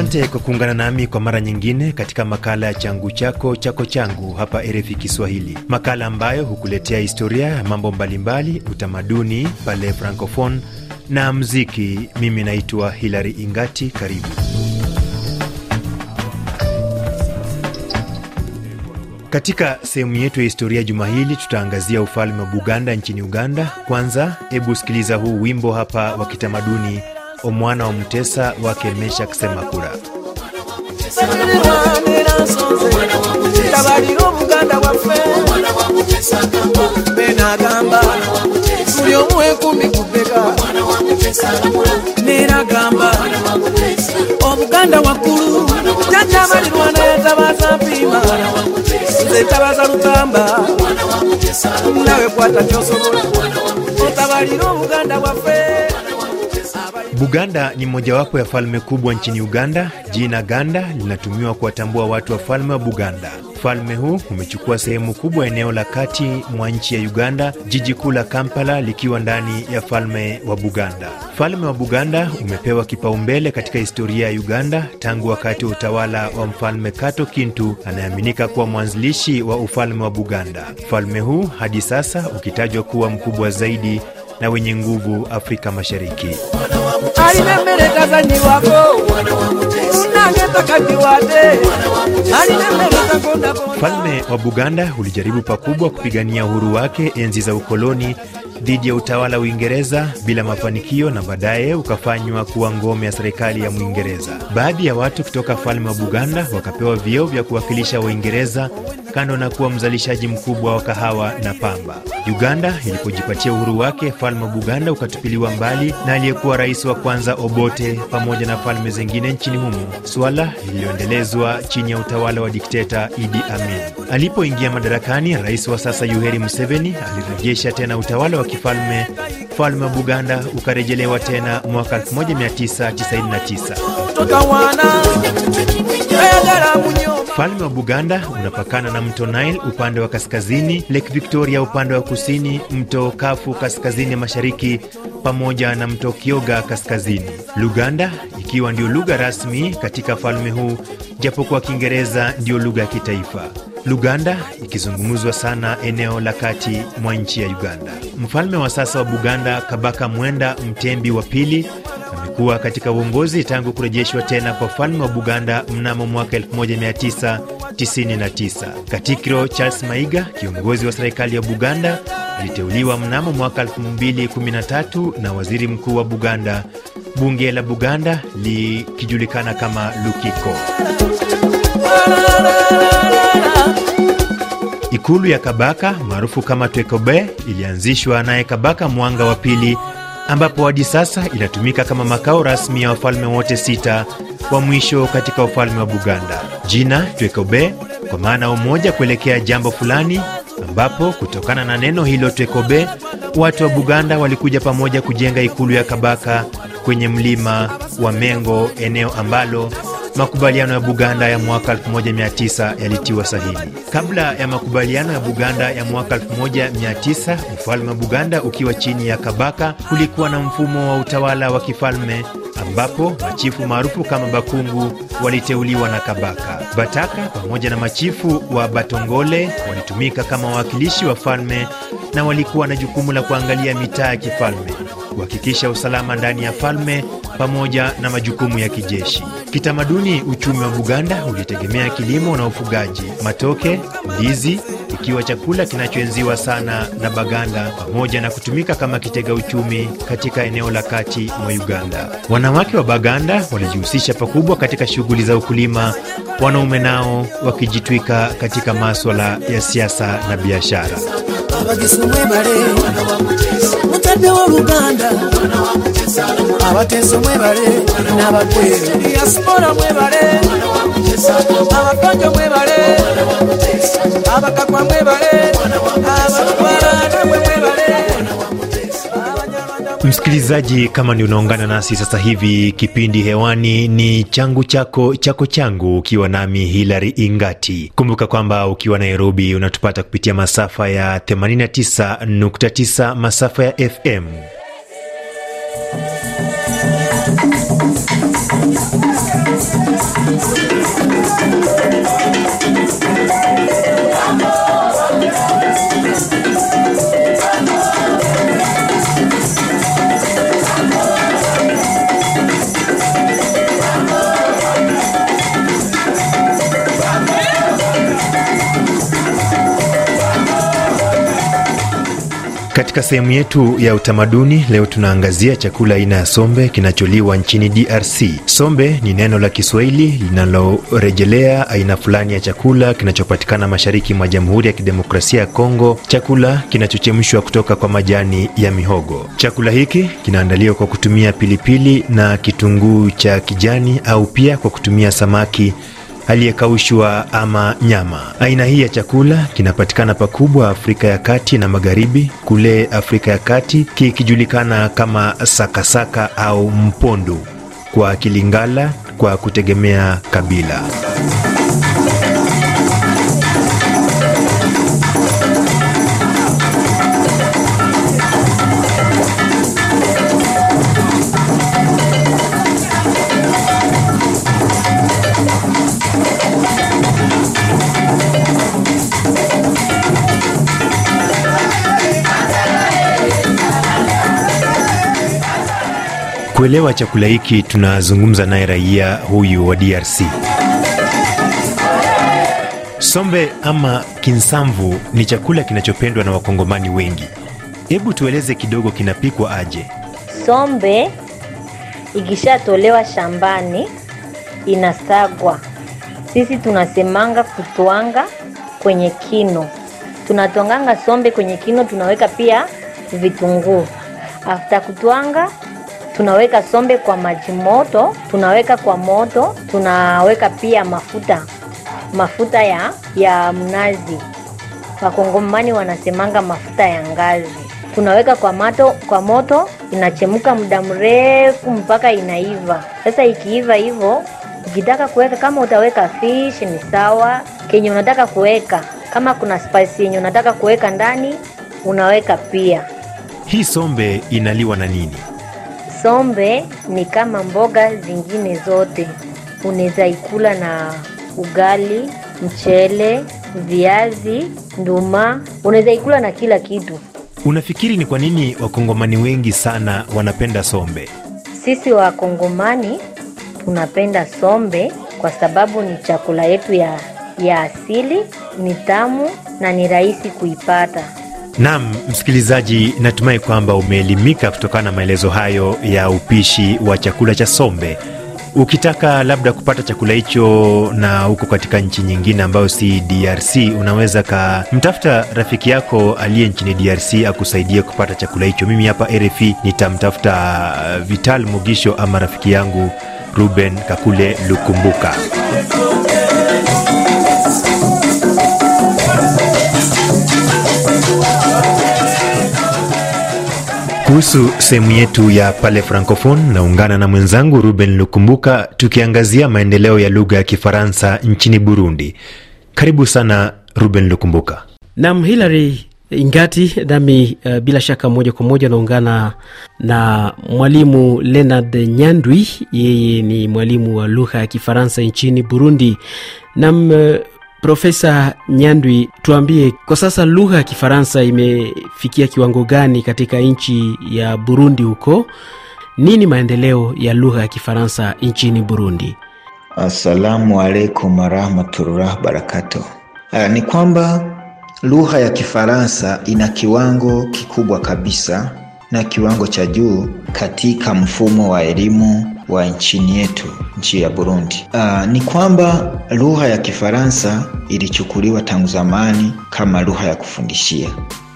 Asante kwa kuungana nami kwa mara nyingine katika makala ya changu chako chako changu hapa RFI Kiswahili, makala ambayo hukuletea historia ya mambo mbalimbali, utamaduni pale Francofon na mziki. Mimi naitwa Hilary Ingati, karibu Katika sehemu yetu ya historia juma hili tutaangazia ufalme wa Buganda nchini Uganda. Kwanza hebu sikiliza huu wimbo hapa wa kitamaduni omwana wa mutesa wakemesha kusemakula tabalira omuganda waffe benagamba neragamba yatabaza mpiima nze nawe kwata kyosobola otabalira obuganda waffe Buganda ni mojawapo ya falme kubwa nchini Uganda. Jina Ganda linatumiwa kuwatambua watu wa falme wa Buganda. falme huu umechukua sehemu kubwa eneo la kati mwa nchi ya Uganda, jiji kuu la Kampala likiwa ndani ya falme wa Buganda. Ufalme wa Buganda umepewa kipaumbele katika historia ya Uganda tangu wakati wa utawala wa Mfalme Kato Kintu anayeaminika kuwa mwanzilishi wa ufalme wa Buganda. falme huu hadi sasa ukitajwa kuwa mkubwa zaidi na wenye nguvu Afrika Mashariki alina wa Buganda ulijaribu pakubwa kupigania uhuru wake enzi za ukoloni dhidi ya utawala wa Uingereza bila mafanikio na baadaye ukafanywa kuwa ngome ya serikali ya Mwingereza. Baadhi ya watu kutoka falme wa Buganda wakapewa vyeo vya kuwakilisha Waingereza kando na kuwa mzalishaji mkubwa wa kahawa na pamba. Uganda ilipojipatia uhuru wake, falme wa Buganda ukatupiliwa mbali na aliyekuwa rais wa kwanza Obote pamoja na falme zingine nchini humo, suala lililoendelezwa chini ya utawala wa dikteta Idi Amin. Alipoingia madarakani, rais wa sasa Yoweri Museveni alirejesha tena utawala wa kifalme. Ufalme wa Buganda ukarejelewa tena mwaka 1999. Ufalme wa Buganda unapakana na mto Nile upande wa kaskazini, Lake Victoria upande wa kusini, mto Kafu kaskazini mashariki, pamoja na mto Kyoga kaskazini. Luganda ikiwa ndio lugha rasmi katika falme huu, japokuwa Kiingereza ndio lugha ya kitaifa. Luganda ikizungumzwa sana eneo la kati mwa nchi ya Uganda. Mfalme wa sasa wa Buganda, Kabaka Mwenda Mtembi wa pili amekuwa katika uongozi tangu kurejeshwa tena kwa ufalme wa Buganda mnamo mwaka 1999. Katikiro Charles Maiga, kiongozi wa serikali ya Buganda, aliteuliwa mnamo mwaka 2013 na waziri mkuu wa Buganda, bunge la Buganda likijulikana kama Lukiko. Ikulu ya Kabaka maarufu kama Twekobe ilianzishwa naye Kabaka Mwanga wa pili ambapo hadi sasa inatumika kama makao rasmi ya wafalme wote sita wa mwisho katika ufalme wa Buganda. Jina Twekobe kwa maana umoja kuelekea jambo fulani, ambapo kutokana na neno hilo Twekobe, watu wa Buganda walikuja pamoja kujenga ikulu ya Kabaka kwenye mlima wa Mengo, eneo ambalo makubaliano ya Buganda ya mwaka 1900 yalitiwa sahihi. Kabla ya makubaliano ya Buganda ya mwaka 1900, ufalme wa Buganda ukiwa chini ya Kabaka, kulikuwa na mfumo wa utawala wa kifalme ambapo machifu maarufu kama Bakungu waliteuliwa na Kabaka. Bataka pamoja na machifu wa Batongole walitumika kama wawakilishi wa falme na walikuwa na jukumu la kuangalia mitaa ya kifalme, kuhakikisha usalama ndani ya falme pamoja na majukumu ya kijeshi. Kitamaduni, uchumi wa Buganda ulitegemea kilimo na ufugaji, matoke, ndizi ikiwa chakula kinachoenziwa sana na Baganda pamoja na kutumika kama kitega uchumi katika eneo la kati mwa Uganda. Wanawake wa Baganda walijihusisha pakubwa katika shughuli za ukulima, wanaume nao wakijitwika katika maswala ya siasa na biashara. mukadde w'oluganda abateeso mwebale n'abagwere diaspora mwebale abakonjo mwebale abakakwa mwebale abatwala Mwe mwebale Msikilizaji, kama ni unaungana nasi sasa hivi, kipindi hewani ni changu chako chako changu, ukiwa nami Hilary Ingati. Kumbuka kwamba ukiwa Nairobi unatupata kupitia masafa ya 89.9 masafa ya FM. Katika sehemu yetu ya utamaduni leo tunaangazia chakula aina ya sombe kinacholiwa nchini DRC. Sombe ni neno la Kiswahili linalorejelea aina fulani ya chakula kinachopatikana mashariki mwa Jamhuri ya Kidemokrasia ya Kongo, chakula kinachochemshwa kutoka kwa majani ya mihogo. Chakula hiki kinaandaliwa kwa kutumia pilipili na kitunguu cha kijani au pia kwa kutumia samaki aliyekaushwa ama nyama. Aina hii ya chakula kinapatikana pakubwa Afrika ya Kati na Magharibi, kule Afrika ya Kati kikijulikana kama sakasaka au mpondo kwa Kilingala kwa kutegemea kabila. Kuelewa chakula hiki, tunazungumza naye raia huyu wa DRC. Sombe ama kinsamvu ni chakula kinachopendwa na wakongomani wengi. Hebu tueleze kidogo, kinapikwa aje? Sombe ikishatolewa shambani inasagwa. Sisi tunasemanga kutwanga kwenye kino, tunatwanganga sombe kwenye kino, tunaweka pia vitunguu. Afta kutwanga tunaweka sombe kwa maji moto, tunaweka kwa moto, tunaweka pia mafuta mafuta ya ya mnazi. Wakongomani wanasemanga mafuta ya ngazi. Tunaweka kwa mato, kwa moto inachemka muda mrefu mpaka inaiva. Sasa ikiiva hivyo, ukitaka kuweka kama utaweka fish ni sawa, kenye unataka kuweka kama kuna spice yenye unataka kuweka ndani unaweka pia. Hii sombe inaliwa na nini? Sombe ni kama mboga zingine zote, unaweza ikula na ugali, mchele, viazi, nduma, unaweza ikula na kila kitu. Unafikiri ni kwa nini wakongomani wengi sana wanapenda sombe? Sisi wakongomani tunapenda sombe kwa sababu ni chakula yetu ya, ya asili, ni tamu na ni rahisi kuipata nam msikilizaji, natumai kwamba umeelimika kutokana na maelezo hayo ya upishi wa chakula cha sombe. Ukitaka labda kupata chakula hicho na huko katika nchi nyingine ambayo si DRC, unaweza kamtafuta rafiki yako aliye nchini DRC akusaidie kupata chakula hicho. Mimi hapa RFI nitamtafuta uh, Vital Mugisho ama rafiki yangu Ruben Kakule Lukumbuka. Kuhusu sehemu yetu ya pale Francophone, naungana na mwenzangu Ruben Lukumbuka tukiangazia maendeleo ya lugha ya Kifaransa nchini Burundi. Karibu sana Ruben Lukumbuka. Nam Hilary Ingati nami uh, bila shaka moja kwa moja naungana na mwalimu Leonard Nyandwi, yeye ni mwalimu wa lugha ya Kifaransa nchini Burundi. Nam uh, eh, Profesa Nyandwi, tuambie kwa sasa lugha ya Kifaransa imefikia kiwango gani katika nchi ya Burundi huko? Nini maendeleo ya lugha ya Kifaransa nchini Burundi? Assalamu alaikum warahmatullah barakatuh. Ah, ni kwamba lugha ya Kifaransa ina kiwango kikubwa kabisa na kiwango cha juu katika mfumo wa elimu wa nchini yetu, nchi ya Burundi. Aa, ah, ni kwamba lugha ya Kifaransa ilichukuliwa tangu zamani kama lugha ya kufundishia.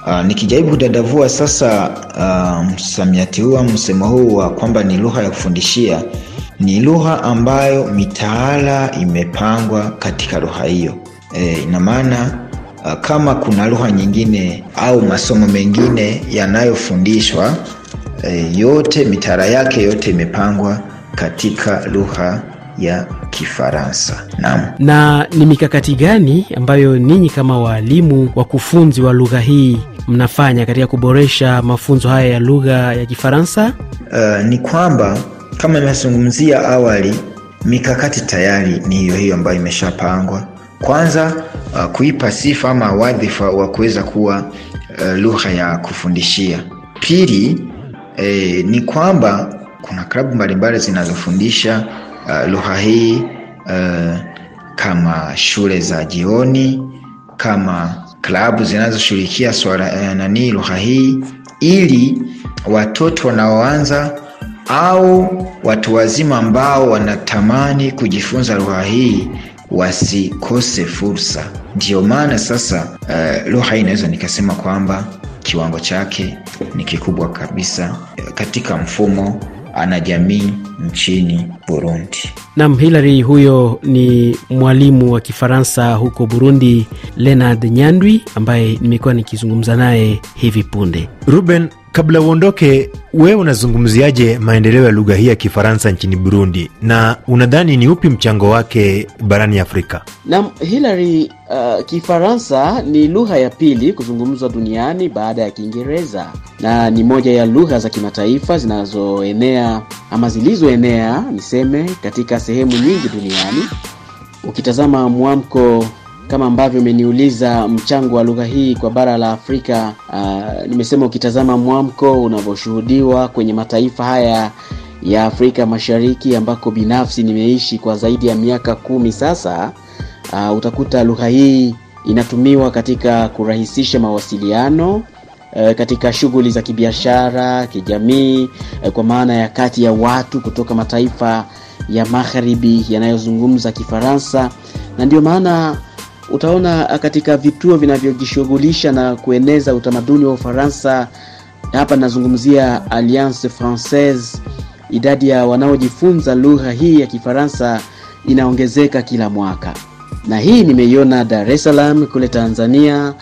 Aa, ah, nikijaribu kudadavua sasa ah, msamiati huu au msemo huu wa kwamba ni lugha ya kufundishia, ni lugha ambayo mitaala imepangwa katika lugha hiyo. E, ina maana kama kuna lugha nyingine au masomo mengine yanayofundishwa, e, yote mitaala yake yote imepangwa katika lugha ya Kifaransa. Naam. Na ni mikakati gani ambayo ninyi kama waalimu wakufunzi wa lugha hii mnafanya katika kuboresha mafunzo haya ya lugha ya Kifaransa? Uh, ni kwamba kama imezungumzia awali, mikakati tayari ni hiyo hiyo ambayo imeshapangwa. Kwanza uh, kuipa sifa ama wadhifa wa kuweza kuwa uh, lugha ya kufundishia. Pili eh, ni kwamba kuna klabu mbalimbali zinazofundisha uh, lugha hii uh, kama shule za jioni, kama klabu zinazoshughulikia swala uh, nani lugha hii, ili watoto wanaoanza au watu wazima ambao wanatamani kujifunza lugha hii wasikose fursa. Ndiyo maana sasa uh, lugha hii inaweza nikasema kwamba kiwango chake ni kikubwa kabisa katika mfumo ana jamii nchini Burundi. Nam Hilary, huyo ni mwalimu wa Kifaransa huko Burundi, Leonard Nyandwi ambaye nimekuwa nikizungumza naye hivi punde. Ruben Kabla uondoke, wewe unazungumziaje maendeleo ya lugha hii ya Kifaransa nchini Burundi na unadhani ni upi mchango wake barani Afrika? Naam, Hilary, uh, Kifaransa ni lugha ya pili kuzungumzwa duniani baada ya Kiingereza na ni moja ya lugha za kimataifa zinazoenea ama zilizoenea niseme, katika sehemu nyingi duniani. Ukitazama mwamko kama ambavyo umeniuliza mchango wa lugha hii kwa bara la Afrika, uh, nimesema ukitazama mwamko unavyoshuhudiwa kwenye mataifa haya ya Afrika Mashariki ambako binafsi nimeishi kwa zaidi ya miaka kumi sasa, uh, utakuta lugha hii inatumiwa katika kurahisisha mawasiliano eh, katika shughuli za kibiashara, kijamii, eh, kwa maana ya kati ya watu kutoka mataifa ya magharibi yanayozungumza Kifaransa na ndio maana utaona ah, katika vituo vinavyojishughulisha na kueneza utamaduni wa Ufaransa, hapa nazungumzia Alliance Francaise, idadi ya wanaojifunza lugha hii ya Kifaransa inaongezeka kila mwaka, na hii nimeiona Dar es Salaam kule Tanzania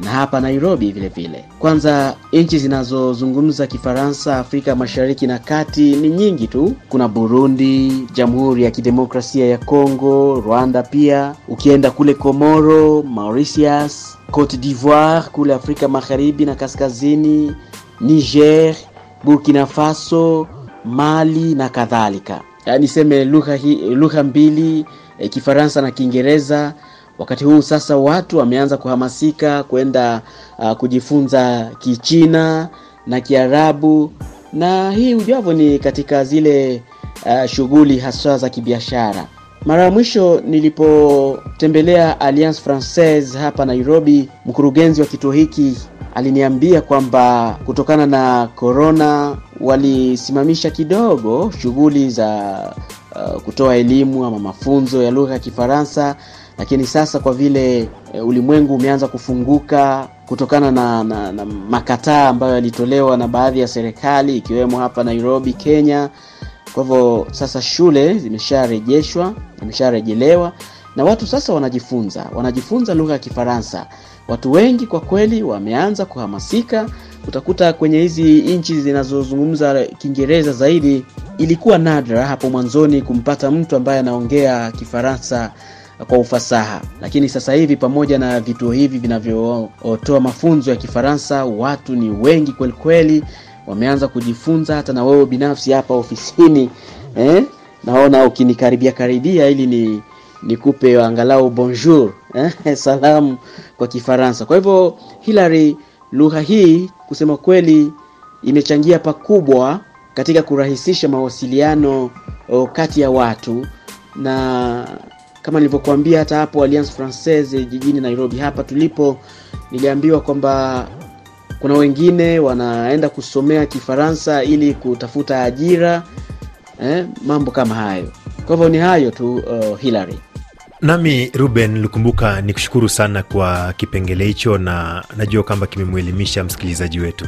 na hapa Nairobi vilevile vile. Kwanza, nchi zinazozungumza Kifaransa Afrika Mashariki na Kati ni nyingi tu. Kuna Burundi, Jamhuri ya Kidemokrasia ya congo Rwanda, pia ukienda kule Komoro, Mauritius, Cote d'Ivoire kule Afrika Magharibi na Kaskazini, Niger, Burkina Faso, Mali na kadhalika. Yaani niseme lugha mbili, eh, Kifaransa na Kiingereza Wakati huu sasa watu wameanza kuhamasika kwenda uh, kujifunza Kichina na Kiarabu, na hii ujavyo ni katika zile uh, shughuli haswa za kibiashara. Mara ya mwisho nilipotembelea Alliance Francaise hapa Nairobi, mkurugenzi wa kituo hiki aliniambia kwamba kutokana na korona walisimamisha kidogo shughuli za uh, kutoa elimu ama mafunzo ya lugha ya Kifaransa lakini sasa kwa vile e, ulimwengu umeanza kufunguka kutokana na, na, na makataa ambayo yalitolewa na baadhi ya serikali ikiwemo hapa Nairobi, Kenya. Kwa hivyo sasa shule zimesharejeshwa, zimesharejelewa na watu sasa wanajifunza, wanajifunza lugha ya Kifaransa. Watu wengi kwa kweli wameanza kuhamasika. Utakuta kwenye hizi nchi zinazozungumza Kiingereza zaidi, ilikuwa nadra hapo mwanzoni kumpata mtu ambaye anaongea Kifaransa kwa ufasaha. Lakini sasa hivi pamoja na vituo hivi vinavyotoa mafunzo ya Kifaransa, watu ni wengi kwelikweli wameanza kujifunza. Hata na wewe binafsi hapa ofisini eh, naona ukinikaribia karibia ili ni nikupe angalau bonjour eh, salamu kwa Kifaransa. Kwa hivyo Hilary, lugha hii kusema kweli imechangia pakubwa katika kurahisisha mawasiliano oh, kati ya watu na kama nilivyokuambia hata hapo Alliance Francaise jijini Nairobi hapa tulipo, niliambiwa kwamba kuna wengine wanaenda kusomea Kifaransa ili kutafuta ajira eh, mambo kama hayo. Kwa hivyo ni hayo tu uh, Hillary. Nami Ruben Lukumbuka ni kushukuru sana kwa kipengele hicho, na najua kwamba kimemwelimisha msikilizaji wetu.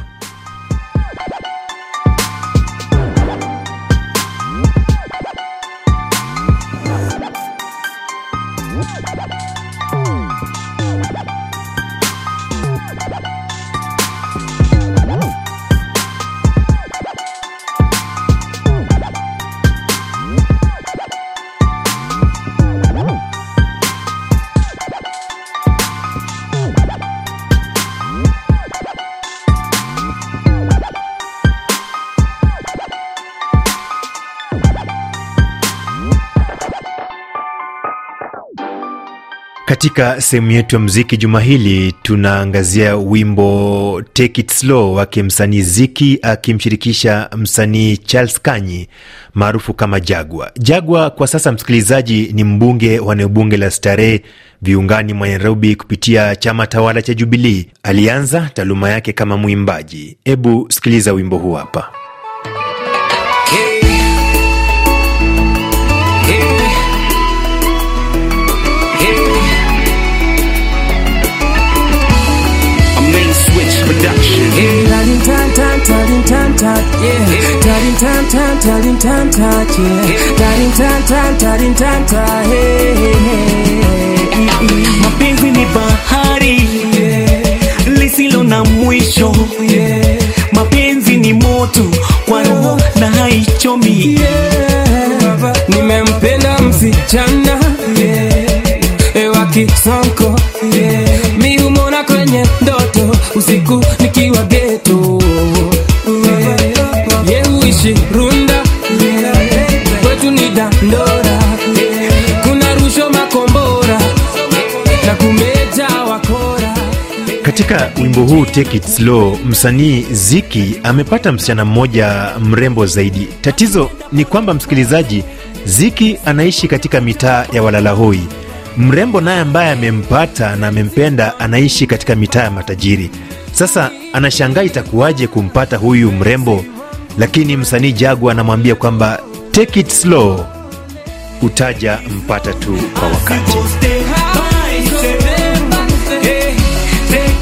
Katika sehemu yetu ya muziki juma hili tunaangazia wimbo Take It Slow wake msanii Ziki akimshirikisha msanii Charles Kanyi maarufu kama Jagwa. Jagwa kwa sasa, msikilizaji, ni mbunge wa eneo bunge la Starehe viungani mwa Nairobi kupitia chama tawala cha Jubilii. Alianza taaluma yake kama mwimbaji. Hebu sikiliza wimbo huu hapa. Hey. Mapenzi ni bahari lisilo na mwisho Mapenzi ni moto kwa roho na haichomi Nimempenda msichana ewa kisonko mi humona kwenye ndoto usiku nikiwa geto Katika wimbo huu Take It Slow, msanii Ziki amepata msichana mmoja mrembo zaidi. Tatizo ni kwamba, msikilizaji, Ziki anaishi katika mitaa ya walalahoi. Mrembo naye ambaye amempata na amempenda anaishi katika mitaa ya matajiri. Sasa anashangaa itakuwaje kumpata huyu mrembo, lakini msanii Jagu anamwambia kwamba take it slow, utaja mpata tu kwa wakati.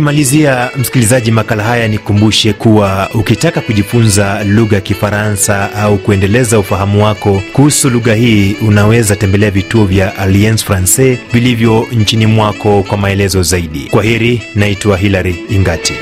Tukimalizia msikilizaji makala haya, nikumbushe kuwa ukitaka kujifunza lugha ya Kifaransa au kuendeleza ufahamu wako kuhusu lugha hii, unaweza tembelea vituo vya Alliance Francais vilivyo nchini mwako kwa maelezo zaidi. Kwa heri, naitwa Hilary Ingati.